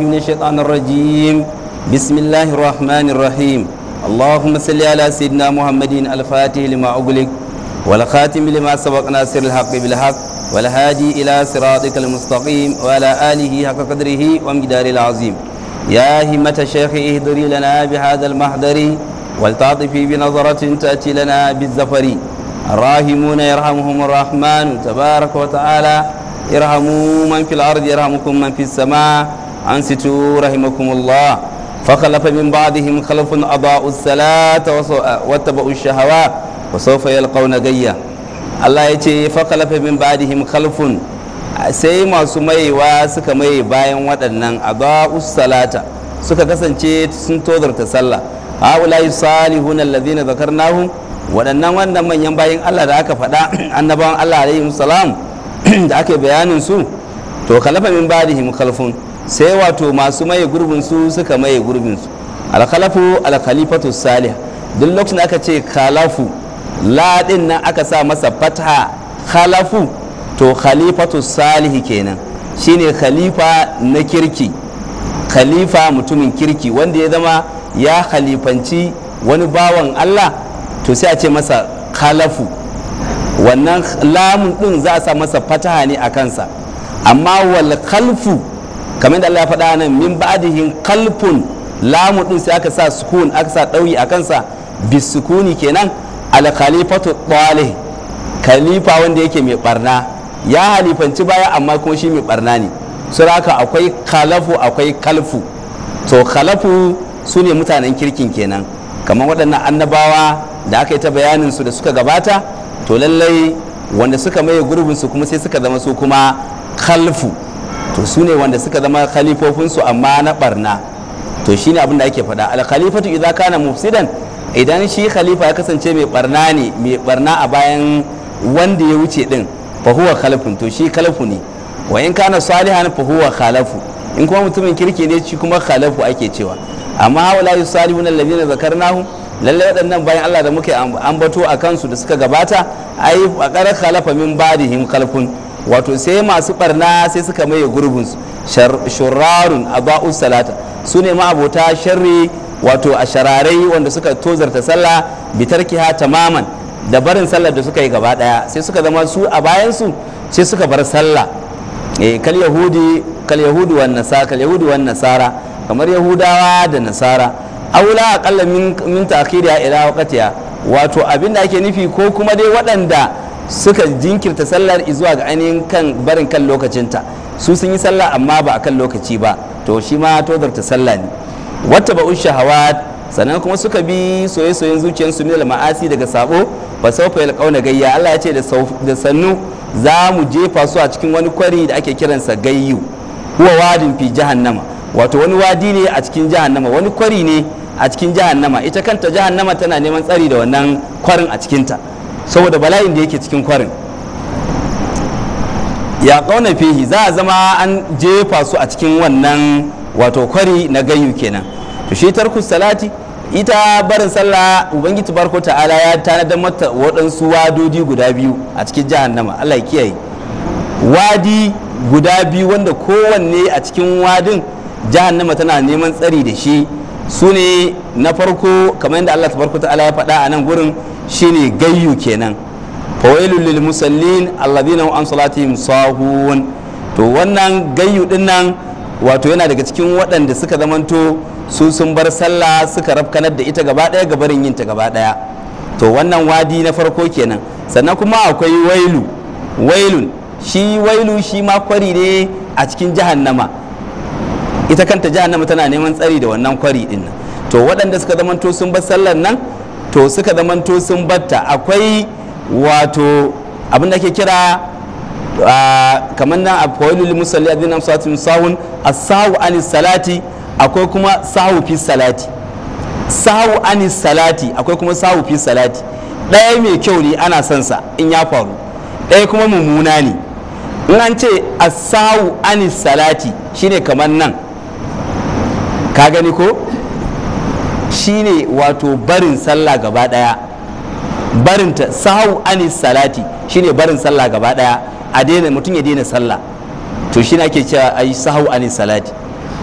بالله من الشيطان الرجيم بسم الله الرحمن الرحيم اللهم صل على سيدنا محمد الفاتح لما أغلق والخاتم لما سبق ناصر الحق بالحق والهادي إلى صراطك المستقيم وعلى آله حق قدره ومقدار العظيم يا همة الشيخ اهدري لنا بهذا المحضر والتعطفي بنظرة تأتي لنا بالزفر الراهمون يرحمهم الرحمن تبارك وتعالى ارحموا من في الأرض يرحمكم من في السماء أنستوا رحمكم الله فخلف من بعدهم خلف أضاعوا الصلاة واتبعوا الشهوات وسوف يلقون غيا الله يتي فخلف من بعدهم خلف sai masu maiwa suka mai bayan waɗannan abaus salata suka kasance sun tozarta sallah haula yusalihun Zakar nahu? waɗannan wannan manyan bayan Allah da aka faɗa annabawan Allah alaihi salam da ake bayanin su to khalafa min ba da ba'dihim khalfun sai wato masu maye gurbin su suka maye gurbin su alkhalafu alkhalifatu salih duk lokacin aka ce khalafu ladin nan aka sa masa fatha khalafu to khalifatu salih kenan shine khalifa na kirki khalifa mutumin kirki wanda ya zama ya khalifanci wani bawan Allah to sai a ce masa khalafu wannan lamun din za a sa masa fataha ne a kansa amma wal khalfu kamar da Allah ya faɗa nan min ba'dihin kalfun lamu din sai aka sa sukun aka sa ɗauyi a kansa bisukuni kenan al khalifatu talih khalifa wanda yake mai barna ya halifanci baya amma kuma shi mai barna ne suraka akwai khalafu akwai kalfu to khalafu su mutanen kirkin kenan kamar waɗannan annabawa da aka yi ta bayanin su da suka gabata to lallai wanda suka maye gurbin su kuma sai suka zama su kuma khalfu to su ne wanda suka zama khalifofinsu amma na barna to shi ne abinda ake faɗa alkhalifatu idza kana mufsidan idan shi khalifa ya kasance mai barna ne mai barna a bayan wanda ya wuce din fa huwa khalifun to shi khalifu ne wa in kana salihan fa huwa khalafu in kuma mutumin kirki ne shi kuma khalafu ake cewa amma na yusalihun alladhina zakarnahu lalle waɗannan bayan Allah da muke ambato a kansu da suka gabata ai a kalafa min badihim khalifun wato sai masu barna sai suka maye su shurarun aba'u salata su ne ma'abota sharri wato a shararai wanda suka tozarta sallah bitarkiha tamaman da barin sallar da suka yi gaba daya sai suka zama su a bayansu sai suka bar sallah eh, kal yahudi kal yahudi wan nasara kal yahudi wan nasara kamar yahudawa da nasara aula aqalla min min ila waqtiya wato abinda ake nufi ko kuma dai waɗanda suka jinkirta sallar izuwa ga ainihin kan barin kan lokacinta su sun yi sallah amma ba a kan lokaci ba to shi ma tozarta sallah ne wata ba'un hawa sannan kuma suka bi soye-soyen zuciyarsu ne ma'asi daga sabo ba saufa ya kauna gayya Allah ya ce da sannu za mu jefa su a cikin wani kwari da ake kiransa gayyu huwa wadin fi jahannama wato wani wadi ne a cikin jahannama wani kwari ne a cikin jahannama ita kanta jahannama tana neman tsari da wannan kwarin a cikinta saboda bala'in da yake cikin kwarin ya kauna fihi za a zama an jefa su a cikin wannan wato kwari na ganyu kenan to shi tarkus salati ita barin sallah ubangiji barko ta'ala ya tanadar mata waɗansu wadodi guda biyu a cikin jahannama Allah ya kiyaye wadi guda biyu wanda kowanne a cikin wadin jahannama tana neman tsari da shi su ne na farko kamar yadda Allah ta barko ta'ala ya faɗa a nan gurin shine gayyu kenan fawailul lil musallin alladhina an salatihim to wannan gayyu din nan wato yana daga cikin waɗanda suka zamanto su sun bar sallah suka rafkanar da ita gaba ɗaya gabarin yin ta gaba ɗaya to wannan wadi na farko kenan sannan kuma akwai wailu wailun shi wailu shi ma kwari ne a cikin jahannama ita kanta jahannama tana neman tsari da wannan kwari din nan to waɗanda suka zamanto sun bar sallar nan to suka zamanto sun batta akwai wato abin ke kira kamar nan a fawailul musalli adina satin sawun asawu anis salati akwai kuma sawu fi salati sawu anis salati akwai kuma sawu fi salati ɗaya mai kyau ne ana son sa in ya faru ɗaya kuma mummuna ne in an ce asawu anis salati shine kamar nan ka gani ko shine wato barin sallah gaba daya ta sahau anis salati shine barin sallah gaba daya a daina mutum ya daina sallah to shine ake cewa ayi sahau anis salati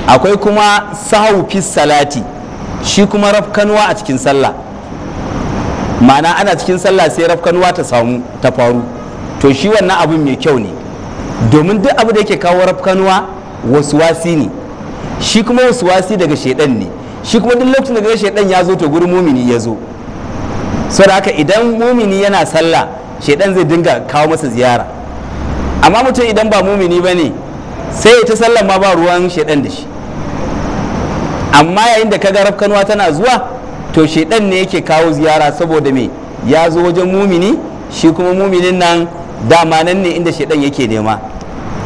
akwai kuma sahau fi salati shi kuma rafkanuwa a cikin sallah ma'ana ana cikin sallah sai rafkanuwa ta samu ta faru to shi wannan abin mai kyau ne domin duk abu da yake kawo rafkanuwa wasu wasi ne shi kuma wasu wasi daga shaidan ne shi kuma duk lokacin da ga shaidan ya zo to gurin mumini ya zo saboda haka idan mumini yana sallah shaidan zai dinga kawo masa ziyara amma mutum idan ba mumini ba ne sai ya ta sallah ma ba ruwan shaidan da shi amma yayin da kaga rafkanuwa tana zuwa to shaidan ne yake kawo ziyara saboda me ya zo wajen mumini shi kuma muminin nan dama nan ne inda shaidan yake nema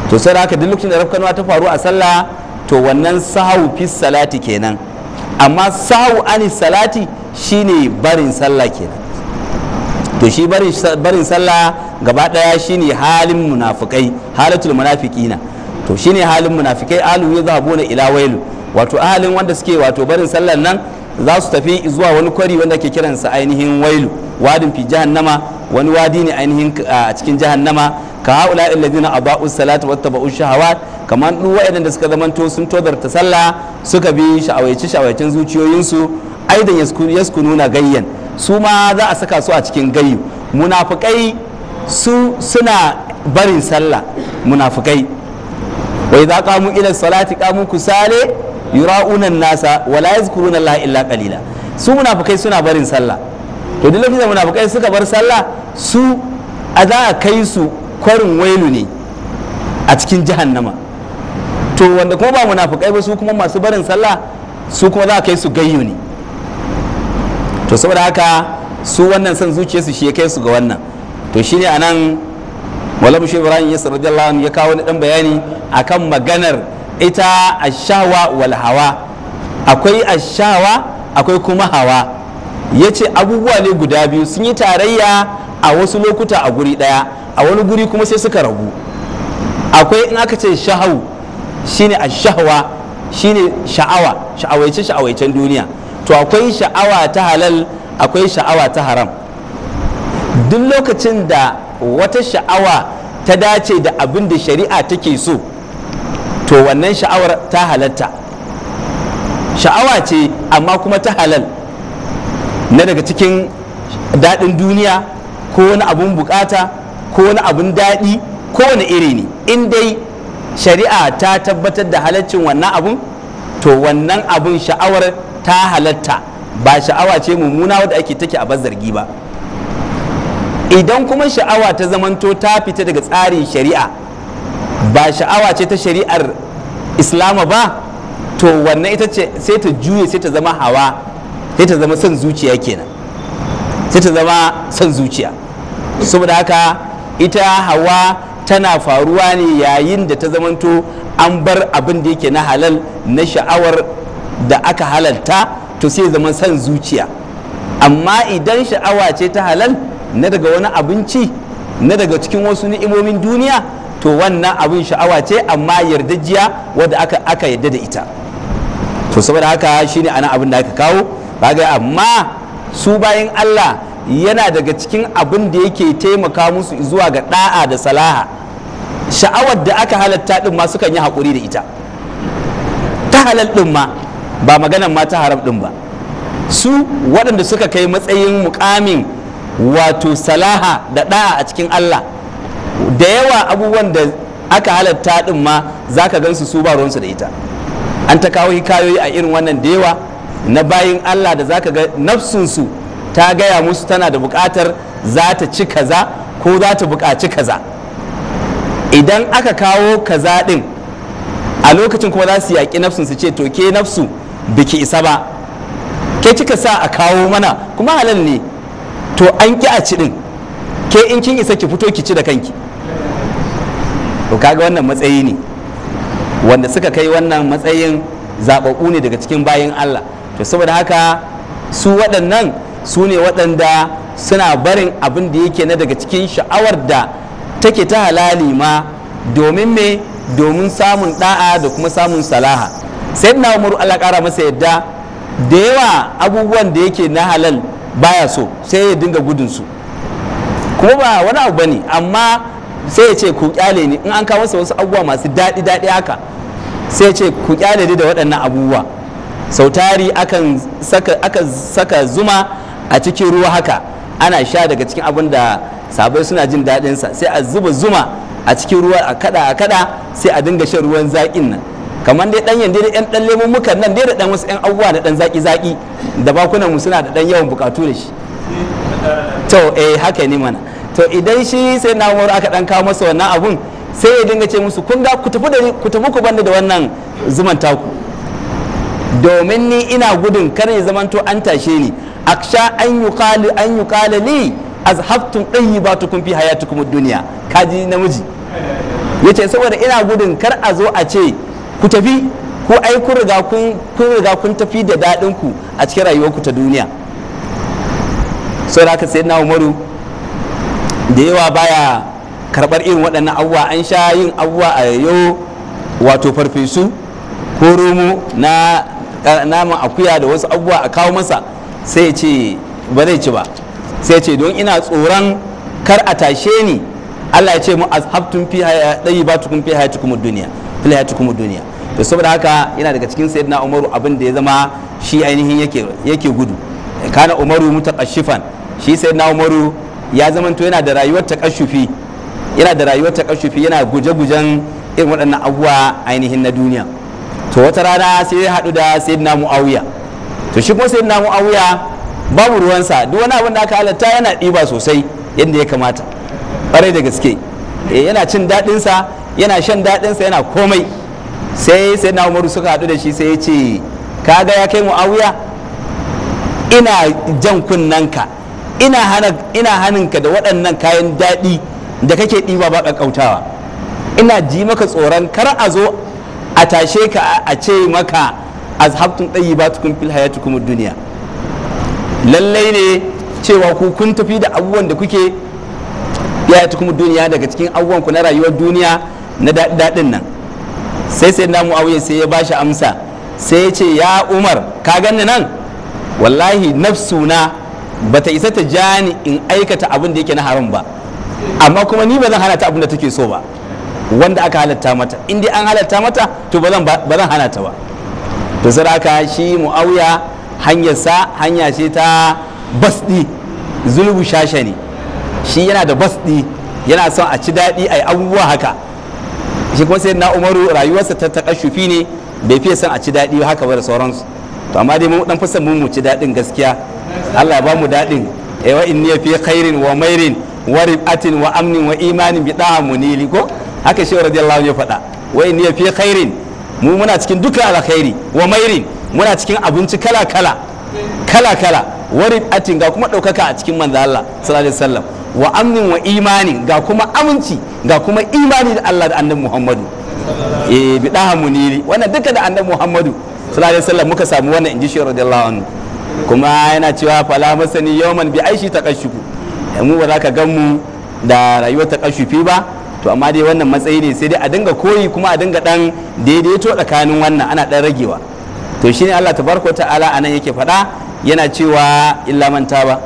to sai haka duk lokacin da rafkanuwa ta faru a sallah to wannan sahau fi salati kenan amma sau ani salati shine barin sallah kenan to shi barin sallah gaba daya shine halin munafikai halatul munafiqina to shine halin munafikai alu yadhabuna ila wailu wato ahalin wanda suke wato barin sallar nan za su tafi zuwa wani kwari wanda ke kiransa ainihin wailu wadin fi jahannama wani wadi ne ainihin a cikin jahannama ka haula alladhina aba'u salati wattaba'u shahawat kamar duk waɗanda suka zamanto sun tozarta sallah suka bi sha'awaici sha'awacin zuciyoyinsu aidan nuna gayyan su ma za a saka su a cikin gayyu munafukai su suna barin sallah munafukai wai za qamu ila salati qamu kusale yura'una nasa wala yazkuruna allaha illa qalila su munafukai suna barin sallah to duk lokacin munafukai suka bar sallah su a za a kai su kwarin wailu ne a cikin jahannama to wanda kuma ba munafukai ba su kuma masu barin sallah su kuma za a kai su gayyu ne to saboda haka su wannan son zuciya su shi kai su ga wannan to shine anan malamu shi ibrahim ya radiyallahu ya kawo wani dan bayani akan maganar ita ashawa wal hawa akwai ashawa akwai kuma hawa ya ce abubuwa ne guda biyu sun yi tarayya a wasu lokuta a guri daya a wani guri kuma sai suka rabu akwai in aka ce shahau shine ash-shahwa shine sha'awa shaawace sha'awaicen duniya to akwai sha'awa ta halal akwai sha'awa ta haram duk lokacin da wata sha'awa ta dace da abin da shari'a take so to wannan sha'awar ta halatta sha'awa ce amma kuma ta halal na daga cikin daɗin duniya ko wani abin bukata ko wani abin daɗi ko wani iri ne in dai shari'a ta tabbatar da halaccin wannan abun to wannan abun sha'awar ta halatta ba sha'awa ce mummuna wadda ake take a bazargi ba idan kuma sha'awa ta zamanto ta fita daga tsarin shari'a ba sha'awa ce ta shari'ar islama ba to wannan ita ce sai ta juye sai ta zama hawa sai ta zama son zuciya kenan sai ta zama son zuciya saboda haka ita hawa tana faruwa ne yayin da ta zamanto an bar abin da yake na halal na sha'awar da aka halalta to sai zama son zuciya amma idan sha'awa ce ta halal na daga wani abinci na daga cikin wasu ni'imomin duniya to wannan abin sha'awa ce amma yardajiya wadda aka aka yarda da ita to saboda haka shine ana abin da aka kawo kaga amma su bayan Allah yana daga cikin abin da yake taimaka musu zuwa ga da'a da salaha sha'awar da aka halatta din ma sukan yi hakuri da ita ta halal din ma ba maganan ma ta haram din ba su waɗanda suka kai matsayin mukamin wato salaha da da'a a cikin Allah da yawa abubuwan da aka halatta din ma za ka gansu su ba ruwansu da ita an ta kawo hikayoyi a irin wannan da yawa na bayin Allah da za ka ga nafsunsu ta gaya musu tana da bukatar za ta ci kaza ko za ta buƙaci kaza idan aka kawo kaza ɗin a lokacin kuma za su yaƙi nafsun su ce to ke nafsu biki isa ba ke kika sa a kawo mana kuma halal ne to an ki a ci ɗin ke in kin isa ki fito ki ci da kanki to kaga wannan matsayi ne wanda suka kai wannan matsayin zaɓaɓɓu ne daga cikin bayan Allah to saboda haka su waɗannan su ne waɗanda suna barin abin da yake na daga cikin sha'awar da take ta halali ma domin me domin samun da'a da kuma samun salaha sai na umaru Allah ƙara masa yadda da yawa abubuwan da yake na halal baya so sai ya dinga gudunsu kuma ba wani abu bane amma sai ya ce ku kyale ni in an kawo masa wasu abubuwa masu daɗi daɗi haka sai ya ce ku kyale ni da waɗannan abubuwa sautari akan saka, saka zuma a cikin ruwa haka ana sha daga cikin abin da sabai suna jin daɗinsa, sai a zuba zuma a cikin ruwa a kada a kada sai a dinga shan ruwan zaƙin nan kamar dai ɗanyen dai ɗan ɗan lemummukan nan dai da ɗan wasu ɗan abubuwa da ɗan zaƙi zaƙi da bakunan mu suna da ɗan yawan bukatu da shi to eh haka ne mana to idan shi sai na umaru aka ɗan kawo masa wannan abun sai ya dinga ce musu kun ga ku tafi da ku tafi ku banda da wannan zuman taku domin ni ina gudun kar ya zamanto an tashe ni aksha an yuqali an yuqala ba ta tayyibatukum fi ta kuma duniya. kaji namiji yace saboda ina gudun kar a zo a ce ku tafi ko ai kun riga kun riga kun tafi da daɗin ku a cikin rayuwarku ta duniya saboda haka na Umaru da yawa baya karbar irin waɗannan abubuwa an sha yin abubuwa a yayo wato farfesu ko romo na naman akuya da wasu abubuwa a kawo masa sai ya ce ba zai ci ba sai ya ce don ina tsoron kar a tashe ni Allah ya ce mu azhabtum fi dayyibatukum fi hayatikum ad-dunya fi hayatikum dunya to saboda haka yana daga cikin sayyidina Umaru abin da ya zama shi ainihin yake yake gudu kana Umaru mutaqashifan shi sayyidina Umaru ya zama to yana da rayuwar kashufi yana da rayuwar kashufi yana guje-gujen irin waɗannan abuwa ainihin na duniya to wata rana sai ya hadu da sayyidina Muawiya to shi kuma sai na mu'awiya babu ruwansa duk wani abin da aka halatta yana ɗiba sosai yadda ya kamata ƙwarai da gaske eh, yana cin daɗinsa yana shan daɗinsa yana komai sai sai na umaru suka haɗu da shi sai ya ce ga ya kai mu mu'awiya ina jan ka? ina hana ina haninka da waɗannan kayan daɗi da kake ɗiba ba ƙaƙƙautawa ina ji maka tsoron kar a zo a tashe ka a ce maka azhabtum tayyibatukum fil hayatikum ad-dunya lallai ne cewa ku kun tafi da abubuwan da kuke ya ad duniya daga cikin abubuwan ku na rayuwar duniya na daɗin nan sai sai namu auye sai ya bashi amsa sai ya ce ya umar ka ganni nan wallahi nafsuna bata isa ta jani in aikata abin da yake na haram ba amma kuma ni ba zan hana ta abin da take so ba wanda aka halatta mata in dai an halatta mata to ba zan hana ta ba to saraka shi mu'awiya hanyarsa hanya ce ta basdi zulubu shasha ne shi yana da basdi yana son a ci daɗi a yi abubuwa haka shi kuma sai na umaru rayuwarsa ta takashufi ne bai fiye son a ci daɗi haka ba da sauransu to amma dai mun dan fi son mu ci daɗin gaskiya Allah ba mu daɗin eh wa inni fi khairin wa mairin wa ribatin wa amnin wa imanin bi da'a ko haka shi radiyallahu anhu ya faɗa wa inni fi khairin mu muna cikin duka alkhairi wa mairin muna cikin abinci kala kala kala kala warin atin ga kuma ɗaukaka a cikin manzo Allah sallallahu alaihi wasallam wa amnin wa imani ga kuma aminci ga kuma imani da Allah da annabi Muhammadu eh bidaha muniri wannan duka da annabi Muhammadu sallallahu alaihi wasallam muka samu wannan inji shi radiyallahu anhu kuma yana cewa fala masani yawman bi aishi taqashshuku eh, mu ba za ka gan mu da rayuwar fi ba to amma dai wannan matsayi ne sai dai a dinga koyi kuma a dinga dan daidaito tsakanin wannan ana dan ragewa to shine Allah tabaraka ta'ala anan yake faɗa yana cewa illa man taba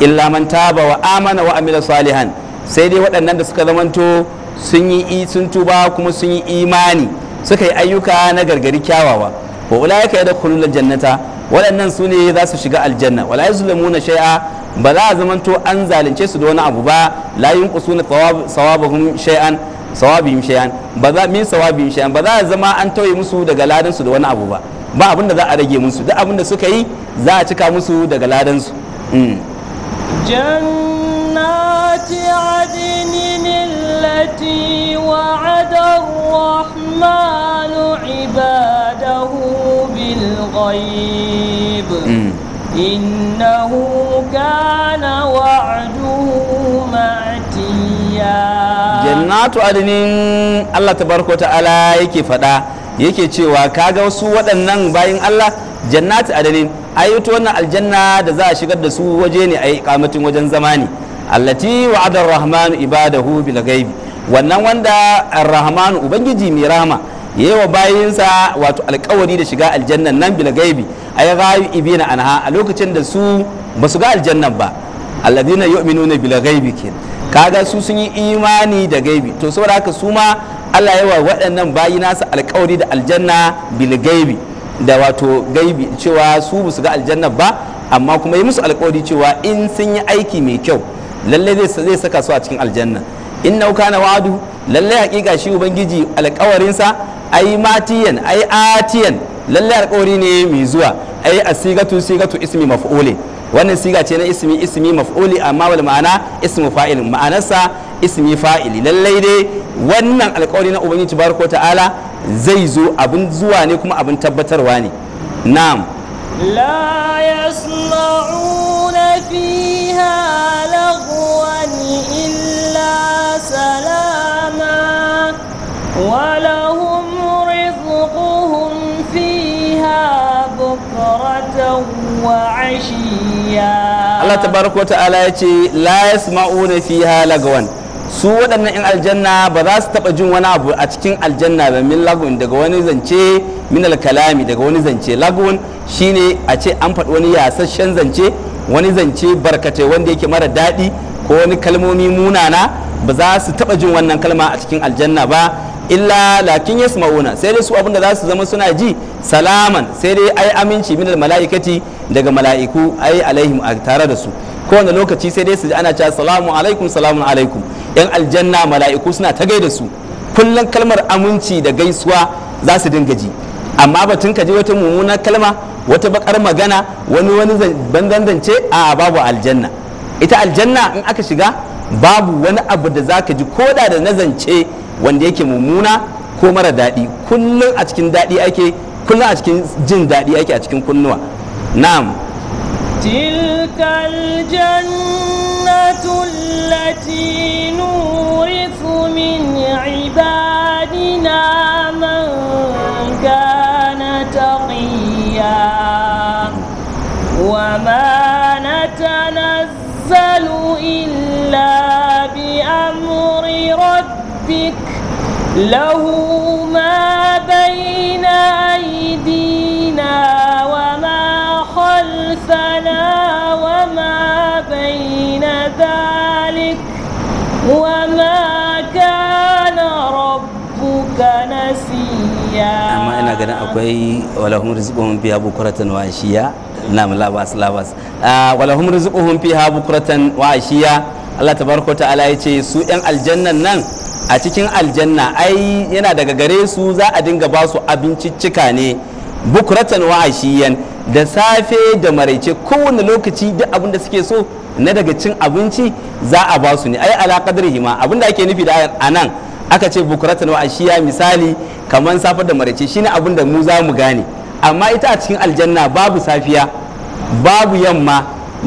illa man taba wa amana wa amila salihan sai dai waɗannan da suka zamanto sun yi sun tuba kuma sun yi imani suka yi ayyuka na gargari kyawawa wa ulaika yadkhuluna jannata waɗannan su ne za su shiga aljanna wala yuzlamuna shay'a ba za a zamanto an zalunce su da wani abu ba la yunqusuna sawabahum shay'an sawabihim shay'an ba za min sawabihim shay'an ba za a zama an tauye musu daga ladan su da wani abu ba ba abin da za a rage musu duk abin da suka yi za a cika musu daga ladan su mm. jannati adnin allati wa'ada rahmanu ibadahu bil ghaib mm. إنه كان وعده مأتيا جنات عدن الله تبارك وتعالى yake faɗa yake cewa kaga wasu waɗannan bayan Allah jannati Adanin, ayyuta wannan aljanna da za a shigar da su waje ne a yi wajen zama ne allati wa'adar rahmanu ibadahu bil wannan wanda rahmanu ubangiji mai rama yayi wa bayinsa wato alkawari da shiga aljannan nan bil ay ibina anha a lokacin da su basu ga aljanna ba alladina yu'minuna bil ghaibi kin kaga su sun yi imani da gaibi to saboda haka su ma Allah yawa waɗannan bayi nasu alƙawari da aljanna bil ghaibi da wato gaibi cewa su basu ga aljanna ba amma kuma yi musu alƙawari cewa in sun yi aiki mai kyau lalle zai saka su a cikin aljanna in nauka na wadu lalle hakika shi ubangiji alkawarinsa ai matiyan ai atiyan lallai alƙawari ne mai zuwa ai a sigatu ismi maf'uli wannan siga ce na ismi ismi maf'uli amma wal ma'ana ismu fa'il ma'anarsa ismi fa'ili lallai dai wannan alƙawari na ubangiji barko ta'ala zai zo abin zuwa ne kuma abin tabbatarwa ne na'am la yasma'una fiha lagwan illa salama walau Allah baraka wa ta'ala ya ce la yasma'una fiha lagawan su waɗannan 'yan aljanna ba za su taɓa jin wani abu a cikin aljanna ba min lagun daga wani zance min alkalami daga wani zance lagun shine a ce an faɗi wani yasasshen zance wani zance barkatai wanda yake mara daɗi ko wani kalmomi munana ba za su taɓa jin wannan kalma a cikin aljanna ba illa lakin yasma'una sai dai su abinda za su zama suna ji salaman sai dai ai aminci min mala'ikati daga mala'iku ai alaihim tare da su kowane lokaci sai dai su ana cewa salamu alaikum salamu alaikum yan aljanna mala'iku suna ta gaida su kullum kalmar aminci da gaisuwa za su dinga ji amma batun ka ji wata mummunar kalma wata bakar magana wani wani bandandance a babu aljanna ita aljanna in aka shiga babu wani abu da zaka ji koda da nazance wanda yake mummuna ko mara daɗi kullum a cikin daɗi ake kullum a cikin jin daɗi ake a cikin kunnuwa na'am tilka aljannatu allati nurithu min ibadina man kana taqiya wa ma natanazzalu illa بك له ما بين أيدينا وما خلفنا وما بين ذلك وما كان ربك نسيا أما أنا قد أقوي ولهم رزقهم بها بكرة وعشية نعم لا بأس لا بأس ولهم رزقهم بها بكرة وعشية Allah tabaraka ta'ala ya ce su 'yan aljannan nan a cikin aljanna ai yana daga gare su za a dinga ba su abinciccika ne bukuratan wa da safe da maraice kowane lokaci duk abin da suke so na daga cin abinci za a ba su ne ai alaƙadar hima abin da ake nufi da nan, aka ce bukuratan wa misali kamar safe da maraice shine abin da mu za mu gane amma ita a cikin aljanna babu safiya babu yamma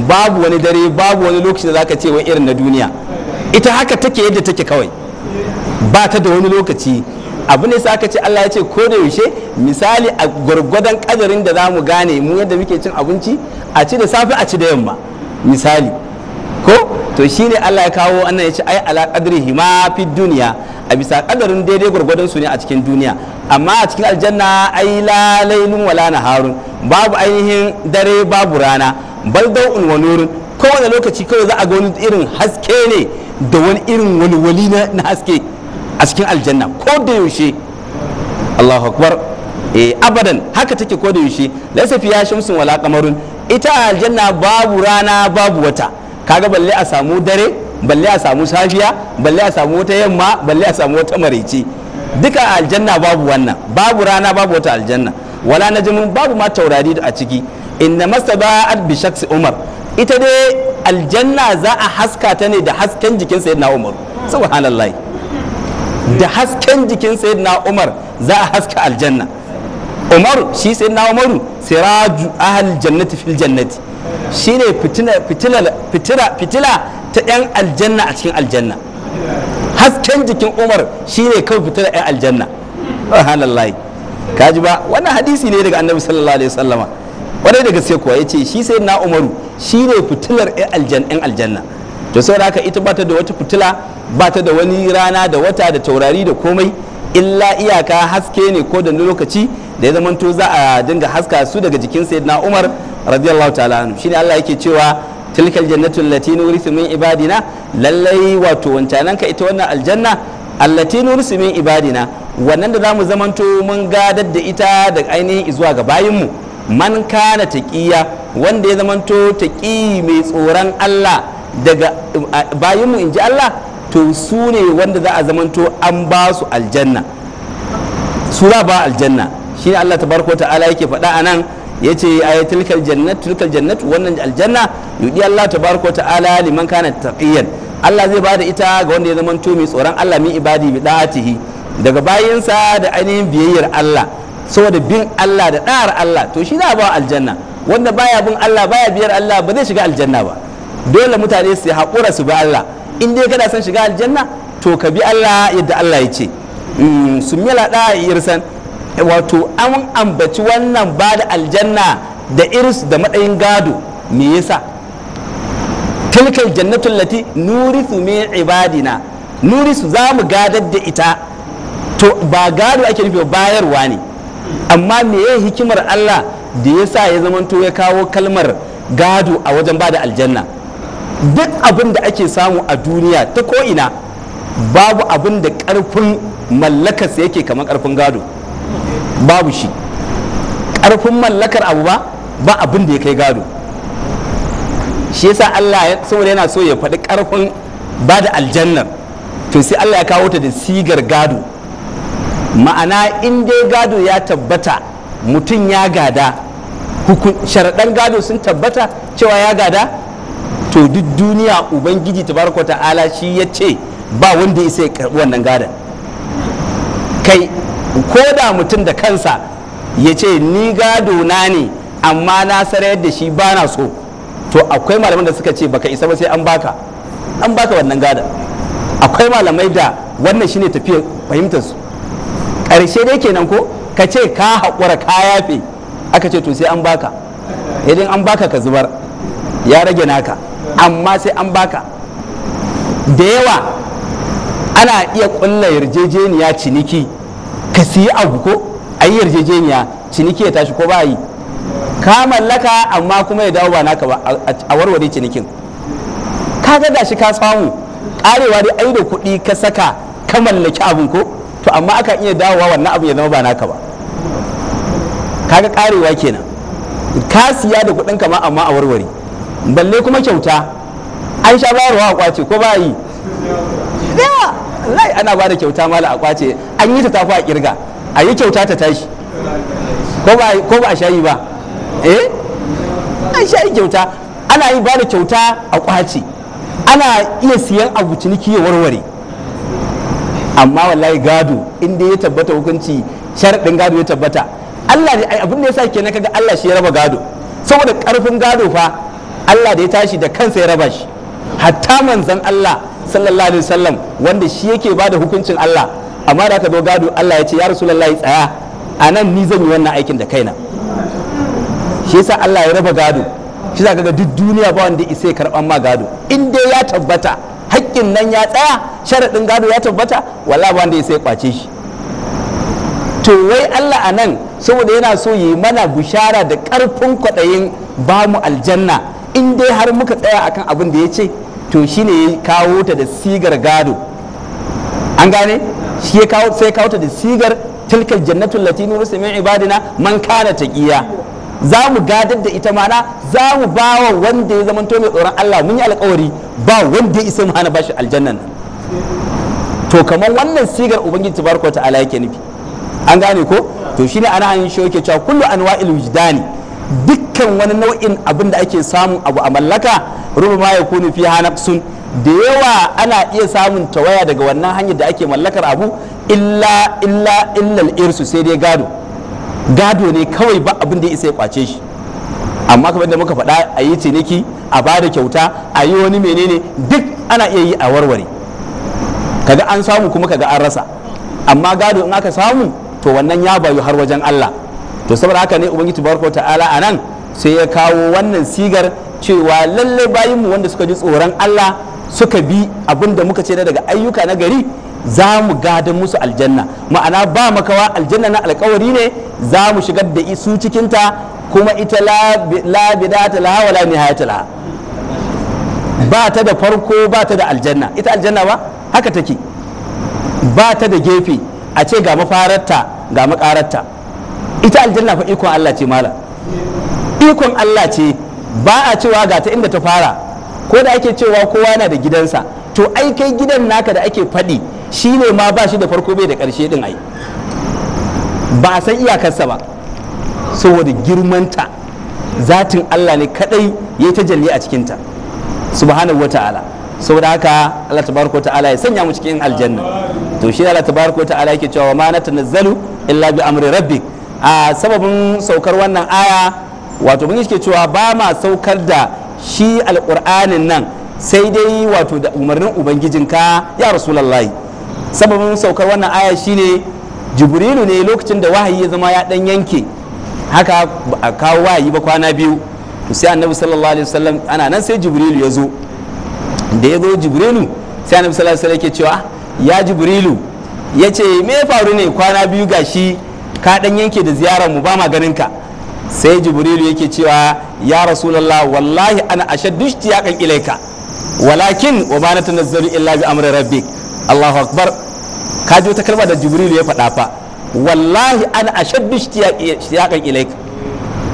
babu wani dare babu wani lokaci da za ka ce wa irin na duniya ita haka take yadda take kawai ba ta da wani lokaci abu ne sa aka ce Allah ya ce ko da yaushe misali a gwargwadon kadarin da za mu gane mu yadda muke cin abinci a ci da safe a ci da yamma misali ko to ne Allah ya kawo annan ya ce ai ala qadrihi hima fi duniya a bisa kadarin daidai gwargwadon su ne a cikin duniya amma a cikin aljanna ai la lailun wala naharun babu ainihin dare babu rana bal daw'un wa nurun kowane lokaci kawai za a ga wani irin haske ne da wani irin walwali na haske a cikin aljanna ko da yaushe Allahu akbar eh abadan haka take ko da yaushe laysa fiya shamsun wala qamarun ita aljanna babu rana babu wata kaga balle a samu dare balle a samu safiya balle a samu wata yamma balle a samu wata maraice duka aljanna babu wannan babu rana babu wata aljanna wala najmun babu ma taurari a ciki inna masaba'at bi shaksi umar ita dai aljanna za a haska ta ne da hasken jikin na umar subhanallah da hasken jikin na umar za a haska aljanna umar shi na umar siraju ahal jannati fil jannati shine fitina fitila fitila fitila ta yan aljanna a cikin aljanna hasken jikin umar shine kawai fitila yan aljanna subhanallah kaji ba wannan hadisi ne daga annabi sallallahu alaihi wasallama kwarai da gaske kuwa ya ce shi sai na umaru shi ne fitilar yan aljanna to saboda haka ita bata da wata fitila bata da wani rana da wata da taurari da komai illa iyaka haske ne ko da lokaci da ya zamanto za a dinga haska su daga jikin na umar radiyallahu ta'ala anhu shine Allah yake cewa tilkal jannatu allati nurisu min ibadina lallai wato wancanan ka ita wannan aljanna allati nurisu min ibadina wannan da zamu zamanto mun gadar da ita da ainihin zuwa ga bayinmu mu man kana taqiya wanda ya zamanto taqi mai tsoron Allah daga bayinmu ji Allah to su ne wanda za a zamanto an ba su aljanna su ba aljanna shi ne Allah tabaraka ta'ala yake faɗa a nan ya ce a yi tilkal jannat tilkal jannat wannan aljanna yudi Allah tabaraka ta'ala liman kana taqiyan Allah zai bada ita ga wanda ya zamanto mai tsoron Allah mai ibadi bi da'atihi daga bayinsa da ainihin biyayyar Allah saboda bin Allah da ɗa'ar Allah to shi za a ba aljanna wanda baya bin Allah baya biyar Allah ba zai shiga aljanna ba dole mutane su haƙura su bi Allah in dai kana san shiga aljanna to ka bi Allah yadda Allah ya ce mm, su mila da irsan wato an ambaci wannan ba da aljanna da irs da matsayin gado me yasa tilkal jannatul lati nurithu min ibadina nurisu za mu gadar da ita to ba gado ake nufi bayarwa ne amma me ya hikimar Allah da ya sa ya zamanto ya kawo kalmar gado a wajen bada aljanna duk abin da ake samu a duniya ta ko'ina babu abin da ƙarfin mallakarsa yake kamar ƙarfin gado babu shi ƙarfin mallakar abu ba ba abin da ya kai gado shi yasa Allah saboda yana so ya faɗi ƙarfin ba da aljannar to sai Allah ya kawo ta da sigar gado ma'ana in dai gado ya tabbata mutum ya gada sharaɗan gado sun tabbata cewa ya gada to duk duniya ubangiji tabaraka ta'ala shi ya ce ba wanda isa ya karɓi wannan gadon kai ko da mutum da kansa ya ce ni gado na ne amma na sarayar da shi ba na so to akwai malaman da suka ce baka isa ba sai an baka an baka wannan gadon akwai malamai da wannan shine tafiyar fahimtarsu ƙarshe dai kenan ko ka ce ka haƙura ka yafe aka ce to sai an baka idan an baka ka zubar ya rage naka amma sai an baka da yawa ana iya ƙulla yarjejeniya ciniki ka siyi abu ko a yi yarjejeniya ciniki ya tashi ko ba yi ka mallaka amma kuma ya dawo ba naka ba a warware cinikin ka ga gashi ka samu ƙarewa dai ai da kuɗi ka saka ka mallaki abin ko to amma aka iya dawowa wannan abu ya zama ba naka ba kaga karewa kenan ka siya da kuɗin ma amma a warware balle kuma kyauta an sha bayarwa a kwace ko ba yi lai ana ba da kyauta mala a kwace an yi ta tafi a kirga a yi kyauta ta tashi ko ba a sha yi ba eh an yi kyauta ana yi ba da kyauta a kwace ana iya siyan abu ciniki ya warware amma wallahi gado inda ya tabbata hukunci sharaɗin gado ya tabbata Allah ne abin da yasa kenan kaga Allah shi ya raba gado saboda karfin gado fa Allah da ya tashi da kansa ya raba shi hatta manzon Allah sallallahu alaihi wasallam wanda shi yake ba da hukuncin Allah amma da aka zo gado Allah ya ce ya rasulullahi tsaya a nan ni zan yi wannan aikin da kaina shi yasa Allah ya raba gado shi za ka ga duk duniya ba wanda isa ya karban ma gado in dai ya tabbata hakkin nan ya tsaya sharaɗin gado ya tabbata wala ba wanda ya sai kwace shi to wai Allah a nan saboda yana so yi mana bishara da ƙarfin kwaɗayin ba mu aljanna in dai har muka tsaya akan abin da ya ce to shine ya kawo ta da sigar gado an gane shi sai kawo ta da sigar tilkal jannatul lati ibadina man kana taqiya za mu gadar da ita mana za mu ba wa wanda ya zamanto mai tsoron Allah mun yi alkawari ba wanda ya isa mu hana bashi aljanna. to kamar wannan sigar ubangiji tabaraka ta'ala yake nufi an gane ko to shine ana yin shi yake cewa kullu anwa'il wujdani dukkan wani nau'in abin da ake samu abu a mallaka ya kunu fi nafsun da yawa ana iya samun tawaya daga wannan hanyar da ake mallakar abu illa illa illal irsu sai dai gado gado ne kawai ba abin da ya isa ya kwace shi amma kamar da muka faɗa a yi ciniki a ba da kyauta a yi wani menene duk ana iya yi a warware kaga an samu kuma kaga an rasa amma gado in aka samu to wannan ya bayu har wajen Allah to saboda haka ne ubangiji barko ta'ala anan sai ya kawo wannan sigar cewa lalle bayin mu wanda suka ji tsoron Allah suka bi abin muka ce daga ayyuka na gari za mu gada musu aljanna ma'ana ba makawa aljanna na alkawari ne za mu shigar da isu cikinta kuma ita labida ta laha wala nihaya ta laha ba ta da farko ba ta da aljanna ita aljanna ba haka take ba ta da gefe a ce ga mafararta ga makararta ita aljanna fa ikon Allah ce malam ikon Allah ce ba a cewa ga ta inda ta fara ko da ake cewa kowa na da gidansa to ai kai gidan naka da ake faɗi shi ne ma ba shi da farko bai da ƙarshe din ai ba a san iyakarsa ba saboda girmanta zatin Allah ne kadai ya ta jalli a cikinta subhanahu wata'ala saboda haka Allah tabaraka ta'ala ya sanya mu cikin aljanna to shi Allah tabaraka ta'ala yake cewa ma na natanzalu illa bi amri rabbik a sababin saukar wannan aya wato mun yake cewa ba ma saukar da shi alqur'anin nan sai dai wato da umarnin ubangijinka ya rasulullahi sababin saukar wannan aya shine jibrilu ne lokacin da wahayi ya zama ya dan yanke haka a kawo wahayi ba kwana biyu sai annabi sallallahu alaihi wasallam ana nan sai jibrilu ya zo da ya zo jibrilu sai annabi sallallahu alaihi wasallam ke cewa ya jibrilu ya ce me ya faru ne kwana biyu gashi ka dan yanke da ziyarar mu ba ma ganin ka sai jibrilu yake cewa ya rasulullah wallahi ana ashaddu ishtiyakan ilaika walakin wa ma natanazzaru illa bi amri rabbik Allahu akbar ka ji wata kalma da Jibril ya faɗa fa wallahi an ashaddu ishtiyaqan ilaik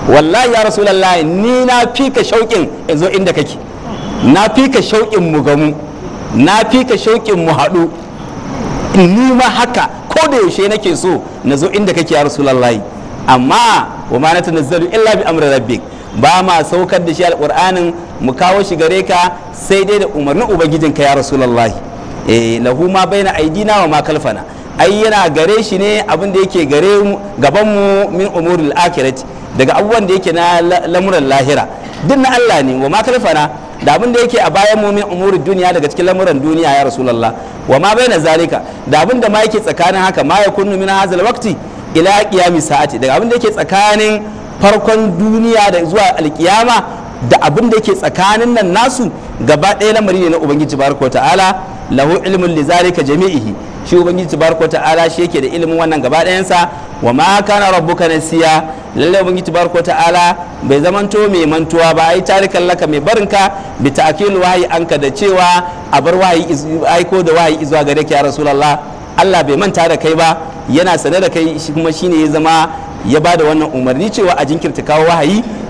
wallahi ya rasulullahi ni na fi ka shauƙin in zo inda kake na fi ka shauƙin mu gamu na ka shauƙin mu haɗu ni ma haka ko da yaushe nake so na zo inda kake ya rasulullahi amma wa ma natanazzalu illa bi amri rabbik ba ma saukar da shi alƙur'anin mu kawo shi gare ka sai dai da umarnin ubangijinka ya rasulullahi eh lahu ma baina aidina wa ma kalfana ai yana gare shi ne abin da yake gare mu gaban mu min umuril akhirati daga abubuwan da yake na lamuran lahira duk na Allah ne wa ma kalfana da abin da yake a bayan mu min umurin duniya daga cikin lamuran duniya ya rasulullah wa ma na zalika da abin da ma yake tsakanin haka ma ya kunnu min hazal waqti ila qiyami sa'ati daga abin da yake tsakanin farkon duniya da zuwa alkiyama da abin da yake tsakanin nan nasu gaba ɗaya lamari ne na ubangiji tabaraka ta'ala lahu ilmun li zalika jami'ihi shi ubangiji tabaraka ta'ala shi yake da ilimin wannan gaba ɗayansa wa ma kana rabbuka nasiya lalle ubangiji tabaraka ta'ala bai zamanto mai mantuwa ba ai tarikan laka mai barinka bi ta'kil wahayi anka da cewa a bar wahayi aiko da wahayi izuwa gare ki ya rasulullah Allah bai manta da kai ba yana sane da kai kuma shine ya zama ya bada wannan umarni cewa a jinkirta kawo wahayi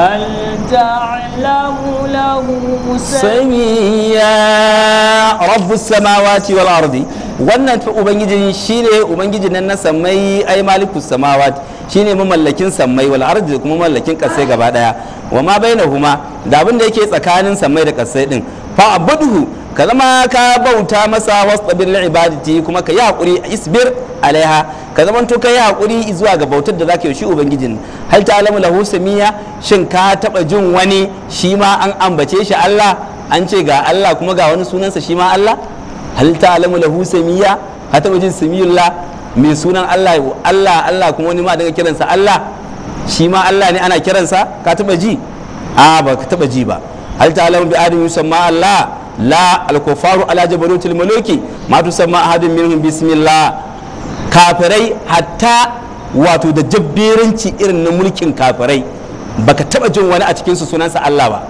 هل تعلم له سميا رب السماوات والأرض wannan fa ubangijin shine ubangijin nan na sammai ai maliku samawat shine mamallakin sammai wal ardi kuma mamallakin kasai gaba daya wa ma bainahuma da abin da yake tsakanin sammai da kasai din fa abuduhu ka zama ka bauta masa wasbir li ibadati kuma ka yi hakuri isbir alaiha ka zaman to kai hakuri zuwa ga bautar da zaka yi shi ubangijin hal ta alamu lahu samiya shin ka taba jin wani shi ma an ambace shi Allah an ce ga Allah kuma ga wani sunansa shi ma Allah hal ta alamu lahu samiya ka taba jin samiyullah mai sunan Allah Allah Allah kuma wani ma daga kiransa Allah shi ma Allah ne ana kiransa ka taba ji a ba ka taba ji ba hal ta alamu bi adam yusamma Allah la al-kufaru ala jabarutil muluki ma tusamma ahadun minhum bismillah kafirai hatta wato da jabberanci irin na mulkin kafirai baka taba jin wani a cikinsu sunansa Allah ba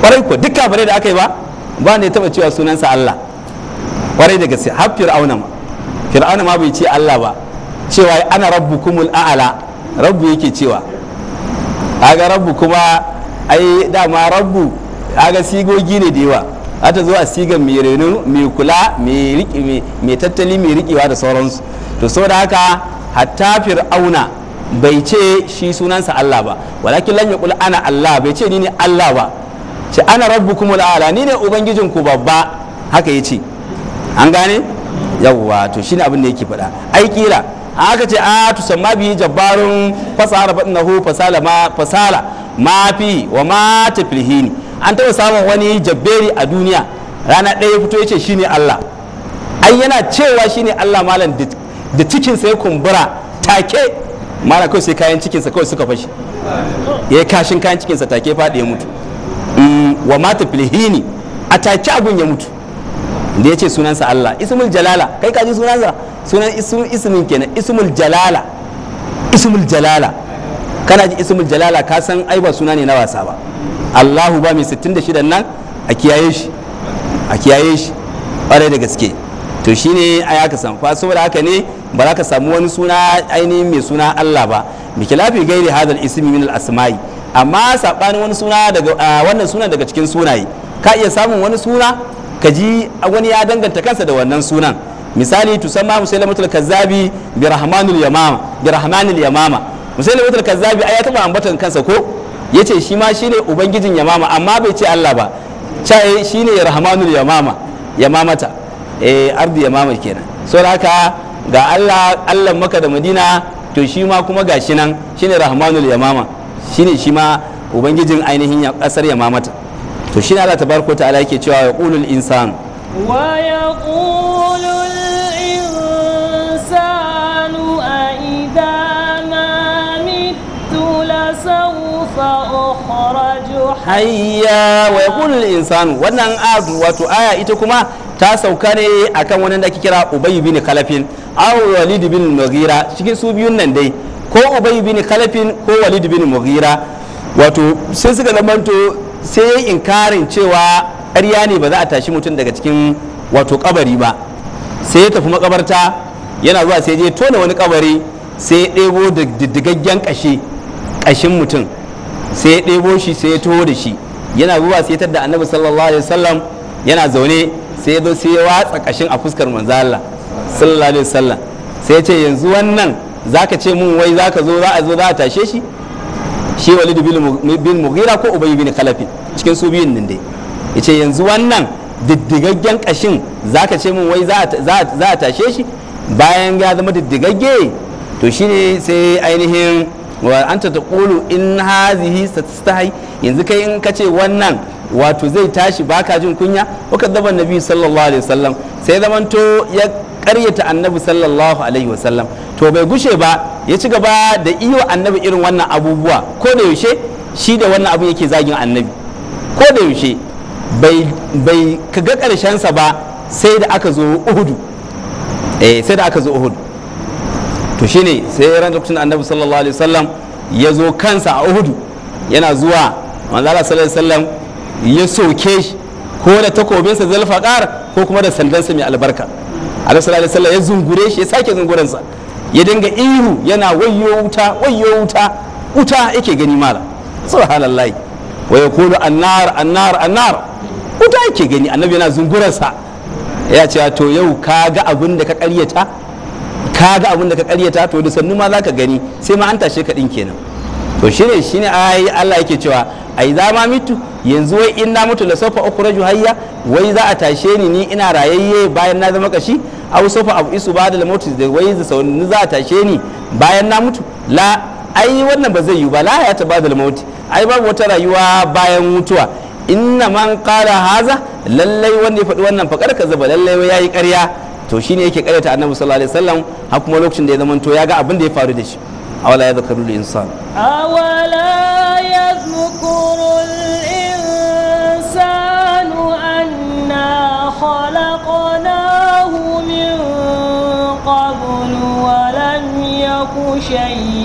kwarai ko duk kafirai da aka yi ba ba ne taba cewa sunansa Allah kwarai da gaske har fir'auna ma fir'auna ma bai ce Allah ba cewa ana rabbukumul a'ala rabbu yake cewa kaga rabbu kuma ai dama rabbu kaga sigogi ne da yawa zata ta zo a sigan mai renu mai kula mai tattali mai rikewa da sauransu to da haka hatta fir'auna bai ce shi sunansa Allah ba walakin ya kula ana Allah bai ce ni ne Allah ba ce ana rabbukum ala ni ne ubangijin ku babba haka ya ce an gane yawwa to shi ne abin da yake faɗa ai kira haka ce a to samma bi jabbarun fasara fa fasala ma fasala ma fi wa ma taflihini an taɓa samun wani jabberi a duniya rana ɗaya ya fito ya ce shi ne Allah ai yana cewa ne Allah malam da cikinsa ya kumbura take mara kawai sai kayan cikinsa kawai suka fashi ya yi kashin kayan cikinsa take faɗi ya mutu mm, wa mata filhini a take abun ya mutu da ya ce sunansa Allah ismul jalala kai kaji sunansa sunan ismin kenan ismul jalala ismul jalala kana ji ismul jalala ka san ai ba suna ne na wasa ba allahu ba mai 66 nan a kiyaye shi a kiyaye shi ƙwarai da gaske to shine ai aka samfa saboda haka ne ba za ka samu wani suna ainihin mai suna allah ba mikilafi gairi hadal ismi min al asma'i amma sabanin wani suna daga wannan suna daga cikin sunaye ka iya samun wani suna ka ji wani ya danganta kansa da wannan sunan misali tusamma musailamatul kazzabi bi rahmanul yamama bi rahmanil yamama musailamatul kazzabi ai ya taba ambatan kansa ko ya ce shi ma shi ne ubangijin yamama amma bai ce allah ba caye shi ne rahmanul yamama yamamata eh ardi yamama kenan saboda haka ga allah allah maka da madina to shi ma kuma ga shi nan shi ne rahmanul yamama shi ne shi ma ubangijin ainihin kasar yamamata to shi ne allah tabaraka ta'ala yake cewa ya qulul insan wa yaqulul hayya wa yaqulul insanu wannan azu wato aya ita kuma ta sauka ne akan wani da ake kira ubay bin kalafin aw walid bin mughira cikin su biyun nan dai ko ubay bin kalafin ko walid bin mughira wato sai suka zamanto sai inkarin cewa ƙarya ne ba za a tashi mutum daga cikin wato kabari ba sai ya tafi makabarta yana zuwa sai je tona wani kabari sai ya ɗebo da diddigaggen ƙashi ƙashin mutum sai ya ɗebo shi sai ya taho da shi yana zuwa sai tadda annabi sallallahu alaihi wasallam yana zaune sai ya zo sai ya watsa kashin a fuskar manzo Allah sallallahu alaihi wasallam sai ya ce yanzu wannan zaka ce mun wai zaka zo za a zo za a tashe shi shi Walid bin Mughira ko Ubay bin Khalaf cikin su biyun nan dai yace yanzu wannan diddigaggen kashin zaka ce mun wai za a tashe shi bayan ya zama diddigagge to shine sai ainihin wa ta kulu in hazihi satastahi yanzu kai in ka ce wannan wato zai tashi baka jin kunya wa kadzaban nabi sallallahu alaihi wasallam sai zamanto ya karyata annabi sallallahu alaihi wasallam to bai gushe ba ya ci gaba da iyo annabi irin wannan abubuwa ko da yaushe shi da wannan abu yake zagin annabi ko da yaushe bai kaga sa ba sai da aka zo uhudu eh sai da aka zo uhudu to shine sai ran lokacin annabi sallallahu alaihi wasallam ya zo kansa a uhudu yana zuwa manzo Allah sallallahu alaihi wasallam ya soke shi ko da takobinsa zalfaqar ko kuma da sandansa mai albarka Allah sallallahu alaihi wasallam ya zungure shi ya sake zunguransa ya dinga ihu yana wayyo wuta wayyo wuta wuta yake gani mala subhanallahi wa yaqulu annar annar annar wuta yake gani annabi yana zunguransa ya ce to yau ka ga abin da ka karyata ka ga abin da ka karyata to da sannu ma za ka gani sai ma an tashe ka ɗin kenan to shine shine ai Allah yake cewa ai za ma mitu yanzu wai in na mutu la sofa ukhraju hayya wai za a tashe ni ni ina rayayye bayan na zama kashi aw sofa abu isu ba da mutu da wai za a tashe ni bayan na mutu la ai wannan ba zai yi ba la ya ta ba da mauti ai babu wata rayuwa bayan mutuwa inna man qala haza lallai wanda ya faɗi wannan faƙar ka zaba lallai ya yi ƙarya to shine yake karyata annabi sallallahu alaihi wasallam har kuma lokacin da ya zama to ya ga abin da ya faru da shi awala ya zakaru insan awala yazmukuru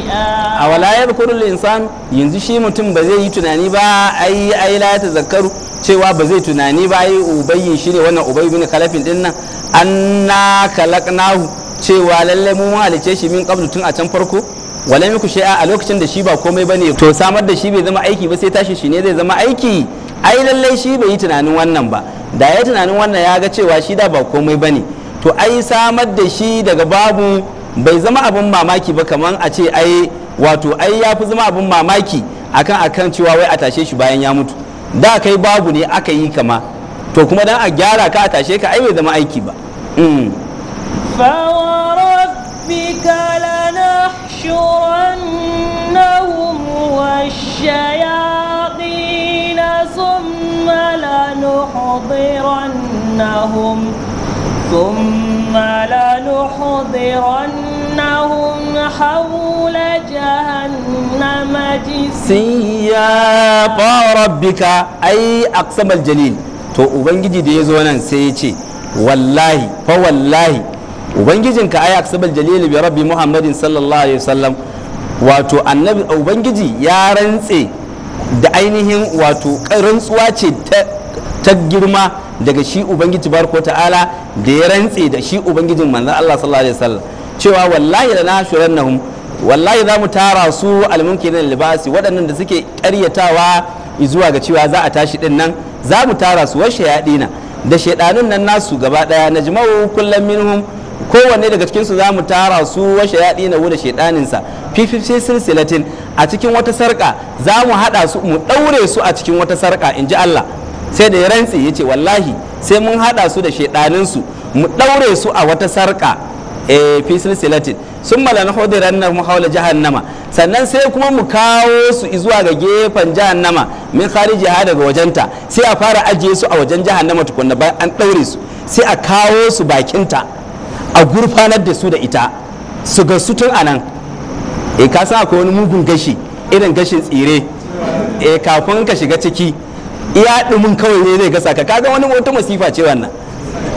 a wala yadhkuru insan yanzu shi mutum ba zai yi tunani ba ai ai la tazakkaru cewa ba zai tunani ba ai shi ne, wannan ubayi bin kalafin din nan anna kalaknahu cewa lalle mu halice shi min qablu tun a can farko wala miku shi a lokacin da shi ba komai bane to samar da shi bai zama aiki ba sai tashi shi ne zai zama aiki ai lallai, shi bai yi tunanin wannan ba da ya tunanin wannan ya ga cewa shi da ba komai bane to ai samar da shi daga babu bai zama abin mamaki ba kamar a ce ai wato ai ya fi zama abin mamaki akan akan cewa wai a tashe shi bayan ya mutu da kai babu ne aka yi kama to kuma dan a gyara ka a tashe ka ai bai zama aiki ba mm. ثم لنحضرنهم ثم لنحضرنهم حول جهنم جثيا فربك أي أقسم الجليل to ubangiji da ya zo nan sai ya ce wallahi fa wallahi ubangijinka ai aksabal jalil bi rabbi muhammadin sallallahu alaihi wasallam wato annabi ubangiji ya rantse da ainihin wato rantsuwa ce ta girma daga shi ubangiji ko ta'ala da ya rantse da shi ubangijin manzan Allah sallallahu alaihi wasallam cewa wallahi shurannahum wallahi za mu tara su almunkirin libasi waɗannan da suke ƙaryatawa zuwa ga cewa za a tashi din nan za mu tara su washe yaɗina da shaidanun nan nasu gaba ɗaya na jima'u kullum minhum kowanne daga cikin su za mu tara su washe yaɗi na wuda shaidaninsa fififi silsilatin a cikin wata sarka, za mu haɗa su mu ɗaure su a cikin wata sarka, in ji Allah sai da ya rantse ya ce wallahi sai mun hada su da shaidaninsu mu daure su a wata sarka a eh, fi silsilatin sun mala na na muhawala jahannama sannan sai kuma mu kawo su zuwa ga gefen jahannama min khariji ha daga wajenta sai a fara ajiye su a wajen jahannama tukunna bayan an daure su sai a kawo su bakinta a gurfanar da su da ita su ga sutun anan e eh, ka san akwai wani mugun gashi irin gashin tsire e kafin ka shiga ciki iya dumin kawai ne zai gasa ka kaga wani wata masifa ce wannan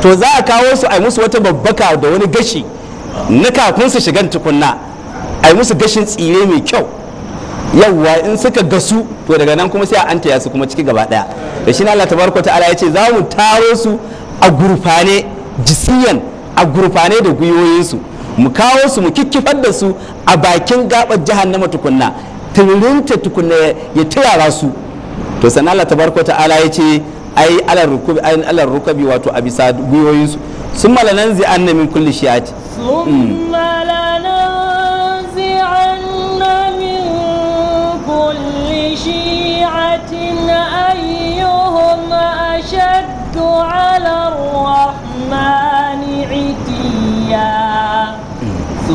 to za a kawo su ai musu wata babbaka da wani gashi na kafin su shigan tukunna ai musu gashin tsire mai kyau yawwa in suka gasu to daga nan kuma sai a anta ya su kuma ciki gaba daya da shi Allah tabaraka ta'ala ce za mu taro su a gurfane jisiyan a gurfane da gwiwoyinsu mu kawo su mu kikkifar da su a bakin gabar jahannama tukunna tururinta tukunna ya turara su to sannan Allah ta ala ya ce ai alar rukubi ai alar rukubi wato a bisa gwiwoyin su sun malanan zai an nemi kulli shi'ati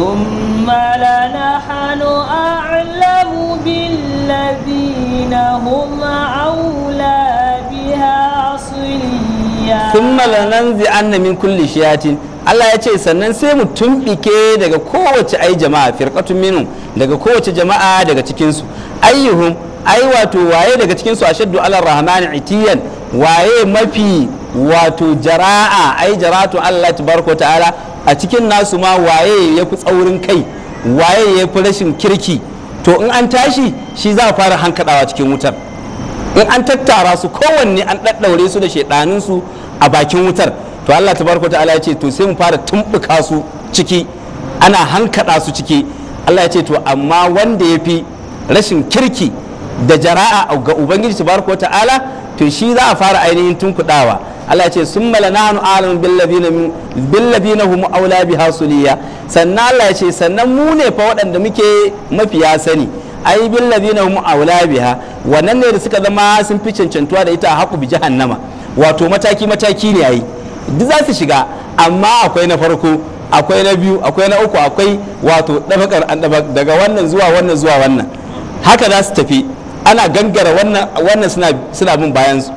ثم لنحن أعلم بالله الذين هم أولى بها صليا ثم لننزعن من كل شياطين Allah ya ce sannan sai mu tumbike daga kowace ai jama'a firkatun minu daga kowace jama'a daga cikinsu ayyuhum ai wato waye daga cikinsu a shaddu ala rahmani itiyan waye mafi wato jara'a ai jaratu Allah ta barko ta'ala a cikin nasu ma waye ya fi tsaurin kai waye ya fi rashin kirki to in an tashi shi za a fara hankadawa cikin wutar in an tattara su kowanne an ɗaɗɗaure su da shaidaninsu a bakin wutar to Allah tabaraka ta'ala ya ce to sai mu fara tumbuka su ciki ana hankada su ciki Allah ya ce to amma wanda ya fi rashin kirki da jara'a ga ubangiji tabaraka ta'ala to shi za a fara ainihin tunkudawa Allah ce sun mala nahnu alamu billabina na ma'aula bi hasuliya sannan Allah ce sannan mu ne fa waɗanda muke mafiya sani ai billabina na ma'aula aula biha wannan ne da suka zama sun fi cancantuwa da ita a haƙu bi jahannama wato mataki mataki ne ayi duk za su shiga amma akwai na farko akwai na biyu akwai na uku akwai wato dafakar an ɗabak daga wannan zuwa wannan zuwa wannan haka za su tafi ana gangara wannan suna bin bayan su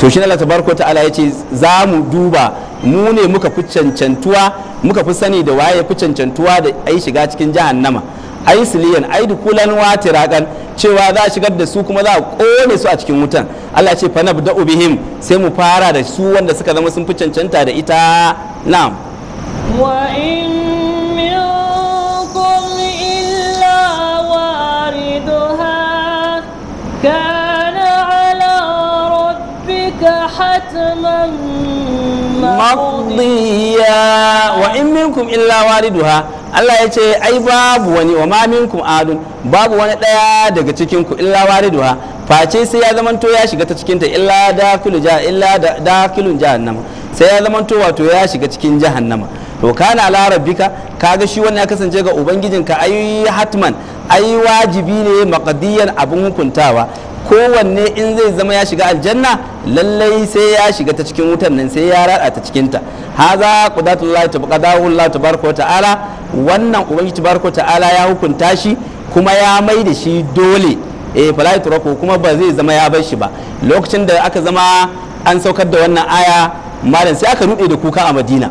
to shi Allah tabaraka ta'ala ya ce za mu duba mu ne muka fi cancantuwa muka fi sani da waye fi cancantuwa da ai shiga cikin jahannama ai siliyan ai dukulan watirakan cewa za a shigar da su kuma za a kone su a cikin wutan Allah ce fa da ubihim sai mu fara da su wanda suka zama sun fi cancanta da ita na'am wa in maqdiya wa in minkum illa waliduha Allah ya ce ai babu wani wa ma minkum adun babu wani daya daga cikin ku illa waliduha face sai ya zamanto ya shiga ta cikin ta illa dakilu ja illa dakilun jahannama sai ya zamanto wato ya shiga cikin jahannama to kana ala rabbika kaga shi wannan ya kasance ga ubangijinka ai hatman ai wajibi ne maqdiyan abun hukuntawa kowanne in zai zama ya shiga aljanna lallai sai ya shiga ta cikin wutan nan sai ya rada ta cikin ta haza qudatullahi tabaqadahu tabaraka ta'ala wannan ubangiji tabaraka ta'ala ya hukunta shi kuma ya mai da shi dole eh falai turako kuma ba zai zama ya bar shi ba lokacin da aka zama an saukar da wannan aya malam sai aka rude da kuka a madina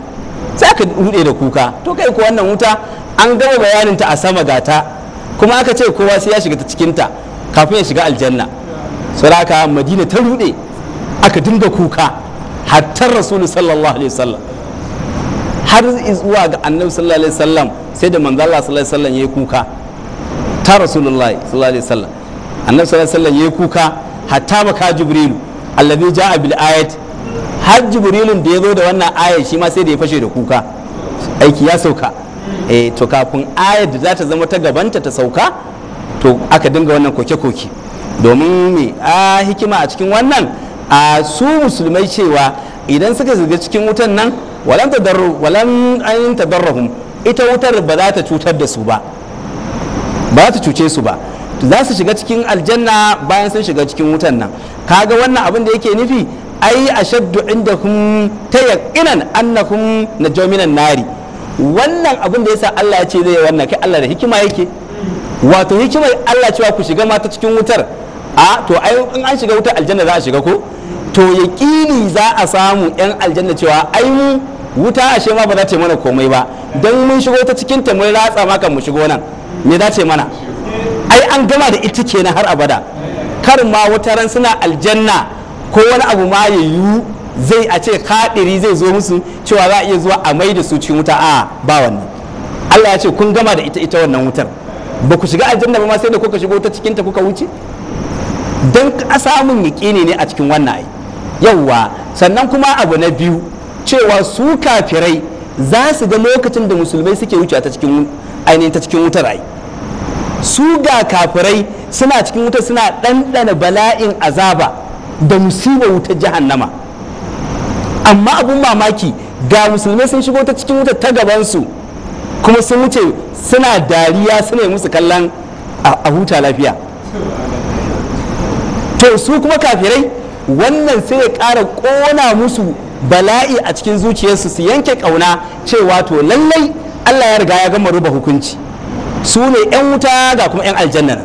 sai aka rude da kuka to kai ko wannan wuta an gama bayanin ta a sama gata kuma aka ce kowa sai ya shiga ta cikin ta kafin ya shiga aljanna saraka madina ta rude aka dinga kuka hatta rasulu sallallahu alaihi wasallam har zuwa ga annabi sallallahu alaihi wasallam sai da manzo Allah sallallahu alaihi wasallam yayi kuka ta rasulullahi sallallahu alaihi wasallam annabi sallallahu alaihi wasallam yayi kuka hatta maka jibril allazi jaa bil ayat har jibrilin da ya zo da wannan ayat shi ma sai da ya fashe da kuka aiki ya sauka eh to kafin ayat da za ta zama ta gabanta ta sauka to aka dinga wannan koke-koke domin me a hikima a cikin wannan a su musulmai cewa idan suka shiga cikin wutan nan walan tadarru walan an tadarruhum ita wutar ba za ta cutar da su ba ba ta cuce su ba za su shiga cikin aljanna bayan sun shiga cikin wutan nan kaga wannan abin da yake nufi ai ashaddu indahum tayaqinan annahum najuminan nari wannan abin da yasa Allah ya ce zai wannan kai Allah da hikima yake wato hikimar Allah cewa ku shiga mata cikin wutar a to ai in an shiga wutar aljanna za a shiga ko to yaƙini za a samu yan aljanna cewa ai mu wuta ashe ma ba za ta mana komai ba dan mun shigo ta cikin ta mun ratsa ma mu shigo nan me za ta mana ai an gama da ita kenan har abada kar ma wata ran suna aljanna ko wani abu ma ya yiwu zai a ce kadiri zai zo musu cewa za a iya zuwa a mai da su cikin wuta a ba wannan Allah ya ce kun gama da ita ita wannan wutar ba ku shiga aljanna ba ma sai da kuka shigo ta cikin ta kuka wuce don samun yaƙini ne a cikin wannan ai yawwa sannan kuma abu na biyu cewa su kafirai za su ga lokacin da musulmai suke wuce ta cikin ainihin ta cikin wutar ai su ga kafirai suna cikin wutar suna ɗanɗana bala'in azaba da musibar wutar jahannama amma abun mamaki ga musulmai sun shigo ta cikin wutar ta gabansu kuma sun wuce suna dariya suna yi musu kallon a huta lafiya to su kuma kafirai wannan sai ya ƙara ƙona musu bala'i a cikin zuciyarsu su yanke ƙauna cewa to lallai Allah ya riga ya gama ruba hukunci su ne 'yan wuta ga kuma 'yan aljanna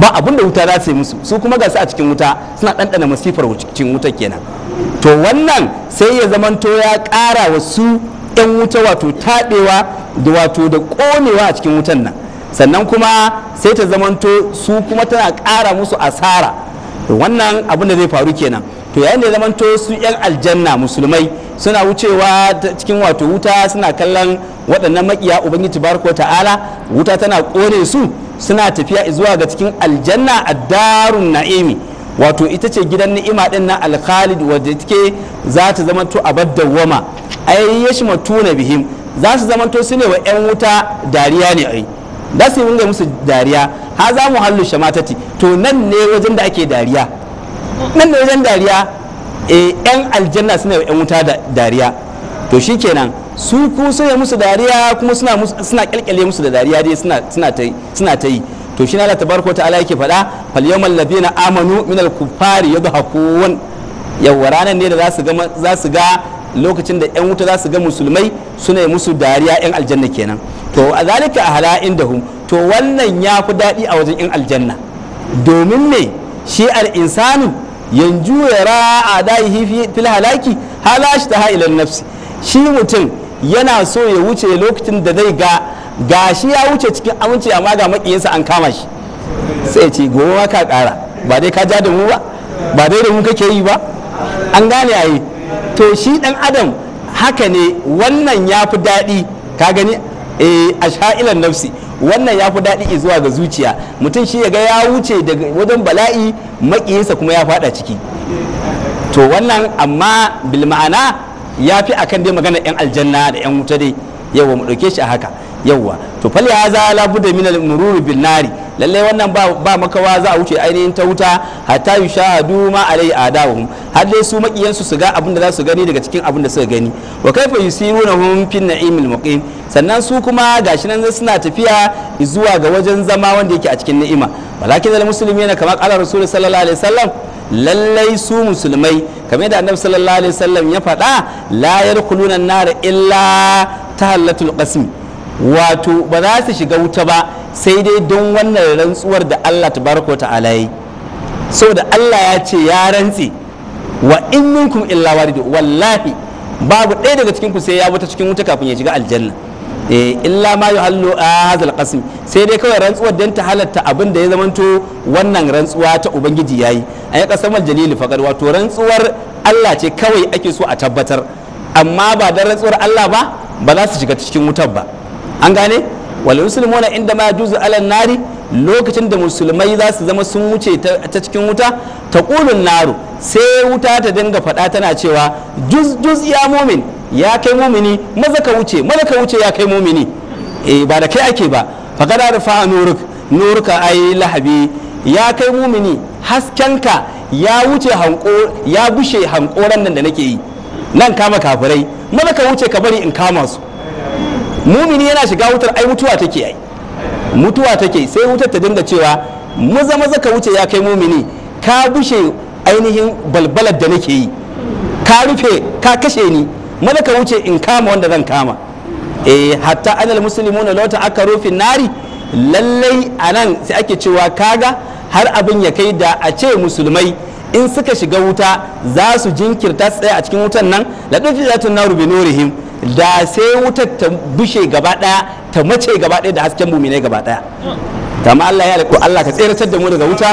ba abin da wuta za su yi musu su kuma ga su a cikin wuta suna ɗanɗana masifar cikin wuta kenan to wannan sai ya zamanto ya ƙara wa su 'yan wuta wato taɗewa da wato da ƙonewa a cikin wutan nan sannan kuma sai ta zamanto su kuma tana ƙara musu asara wannan abin da zai faru kenan to yayin da zamanto su 'yan aljanna musulmai suna wucewa cikin wato wuta suna kallon waɗannan makiya ubangiji barko ta'ala wuta tana ƙone su suna tafiya zuwa ga cikin aljanna a darun na'imi wato ita ce gidan ni'ima din na alkhalid wadda take za ta zamanto a dawwama ai yashmatuna bihim za su zamanto su ne wa 'yan wuta dariya ne ai da su yi musu dariya ha za mu hallu shamatati to nan ne wajen da ake dariya nan ne wajen dariya yan eh, aljanna suna yan wuta da dariya to shikenan su ku suna musu dariya kuma suna suna kyalkyale musu da dariya dai suna suna ta suna ta yi to shi ne Allah tabaraka ta'ala yake faɗa fal yawmal ladina amanu al kuffari yadhakun yawa ranar ne da za su ga lokacin da yan wuta za su ga musulmai suna yi musu dariya yan aljanna kenan to a zalika a hala to wannan ya fi daɗi a wajen yan aljanna domin ne shi al'insanu yanzu ya ra'a daihi fil halaki halashi ta ha'ilan nafsi shi mutum yana so ya wuce lokacin da zai ga gashi ya wuce cikin aminci amma ga maƙiyinsa an kama shi sai ce gobe ma ka kara ba dai ka ja da mu ba ba dai da mu kake yi ba an gane a yi to shi dan adam haka ne wannan ya fi daɗi ka gani eh, a sha'ilan nafsi wannan ya fi daɗi zuwa ga zuciya mutum shi ya ga ya wuce daga wajen bala'i makiyinsa kuma ya faɗa ciki to wannan amma bil ma'ana ya fi a kan dai magana 'yan aljanna da 'yan wuta dai yawa mu ɗauke shi a haka yawa to fal ya za la budda min al mururi bin nari lallai wannan ba makawa za a wuce ainihin ta wuta hatta yushahadu ma alai adawuhum har dai su makiyansu su ga abin da za su gani daga cikin abin da suka gani wa kaifa yusirunahum fin na'imil muqim sannan su kuma gashi nan suna tafiya zuwa ga wajen zama wanda yake a cikin ni'ima walakin musulmi yana kama ala rasul sallallahu alaihi wasallam lallai su musulmai kamar yadda annabi sallallahu alaihi wasallam ya faɗa la yadkhuluna an-nar illa tahallatul qasmi wato ba za su shiga wuta ba sai dai don wannan rantsuwar da Allah ta tabaraka ta'ala yi saboda Allah ya ce ya rantse wa in minkum illa waridu wallahi babu ɗaya daga cikin ku sai ya wuta cikin wuta kafin ya shiga aljanna eh illa ma yuhallu hazal qasm sai dai kawai rantsuwar dan ta halatta abin da ya zamanto wannan rantsuwa ta ubangiji yayi ayi qasamal jalil faqad wato rantsuwar Allah ce kawai ake so a tabbatar amma ba da rantsuwar Allah ba ba za su shiga cikin wutar ba an gane wal muslimuna inda ma juzu alan nari lokacin da musulmai za su zama sun wuce ta cikin wuta ta kulun naru sai wuta ta dinga faɗa tana cewa juz juz ya mumin ya kai mumini maza ka wuce maza ka wuce ya kai mumini eh ba da kai ake ba faqad rufa nuruk nuruka ai lahabi ya kai mumini haskenka ya wuce hanko ya bushe hankoran nan da nake yi nan kama kafirai maza ka wuce ka bari in kama su mumini yana shiga wutar ai mutuwa take yi mutuwa take sai wutar ta dinga cewa maza maza ka wuce ya kai mumini ka bushe ainihin balbalar da nake yi ka rufe ka kashe ni maza ka wuce in kama wanda zan kama eh hatta anal muslimuna law aka rufin nari lallai anan sai ake cewa kaga har abin ya kai da a ce musulmai in suka shiga wuta za su jinkirta tsaye a cikin wutan nan la dufi zatun naru bi nurihim da sai wutar ta bushe gaba daya ta mace gaba daya da hasken muminai gaba daya kama Allah ya riko Allah ka tseratar da mu daga wuta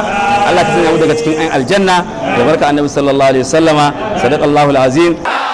Allah ka tsaya mu daga cikin ayin aljanna da barka annabi sallallahu alaihi wasallama sadaqallahu alazim